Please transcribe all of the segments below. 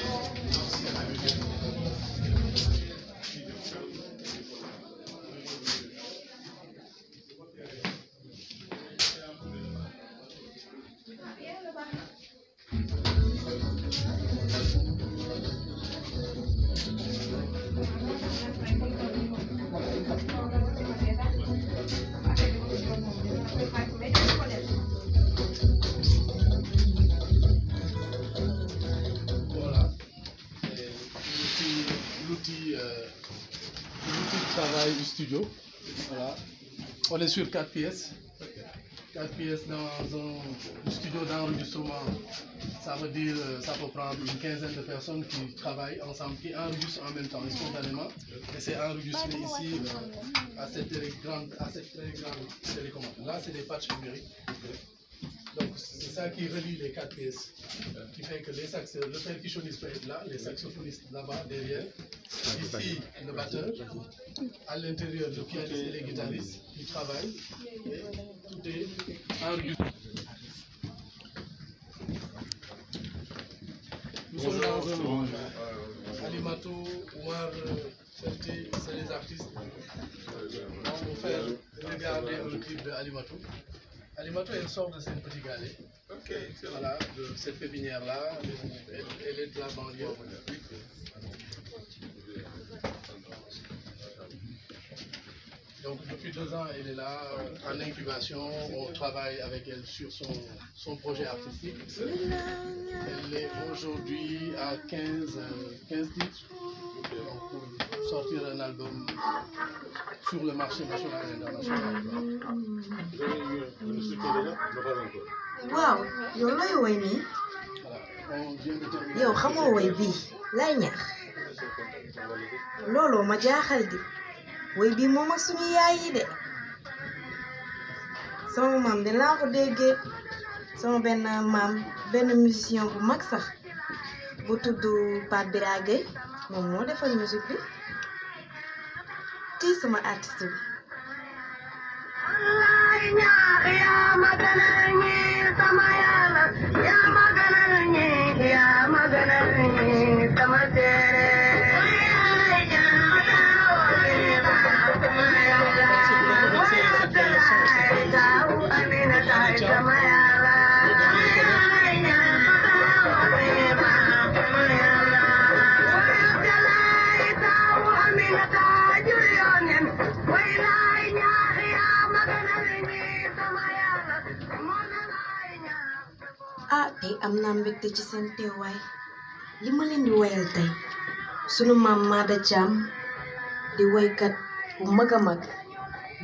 Thank you. studio. Voilà. On est sur 4 pièces. 4 pièces dans un studio d'enregistrement. Ça veut dire euh, ça peut prendre une quinzaine de personnes qui travaillent ensemble, qui enregistrent en même temps, spontanément. Et c'est enregistré ici euh, à cette grande, à cette très grande télécommande. Là, c'est des patchs numériques. Donc, c'est ça qui relie les quatre pièces, euh, qui fait que les le percussionniste peut être là, les saxophonistes là-bas, derrière, ici, le batteur, à l'intérieur, le pianiste et les guitaristes qui travaillent, et tout est en Nous sommes là, Alimato, Ouar, Ferté, c'est les artistes. On va faire regarder le clip d'Alimato elle sort de cette petite galet, Ok, Voilà, de cette pépinière-là, elle, est de la banlieue. Donc depuis deux ans, elle est là euh, en incubation. On travaille avec elle sur son, son projet artistique. Elle est aujourd'hui à 15, 15 euh, titres sortir un album sur le marché national et international. waaw yow looy yo nii. yow xamoo woy bii ma jaaxal di woy bii moom ak suñu yaay yi de sama maam dinaa ko déggee sama benn uh, maam benn musicien bu mag sax bu tudd Pape Bira Gueye defal musique bi. kii sama artiste bi ah tey am na mbégte ci seen teewaay li ma leen di woyal tey sunu maam Maada Thiam di woykat bu mag a mag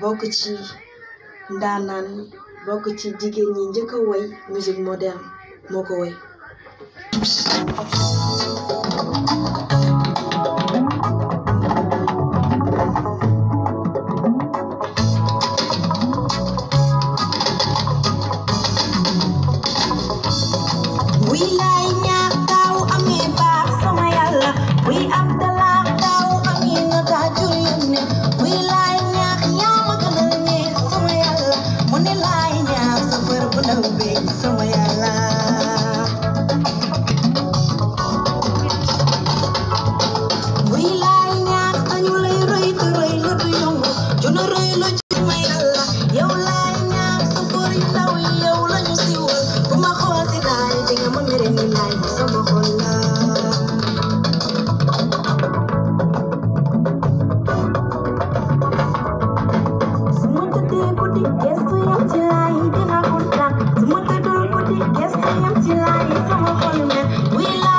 bokk ci ndaanaan bokk ci jigéen ñi njëkk a woy musique moderne moo ko woy We love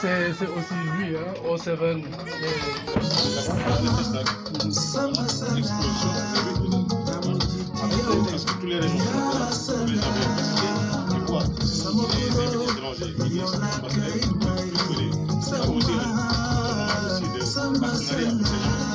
c'est aussi lui, hein, au Seven. que tous les régions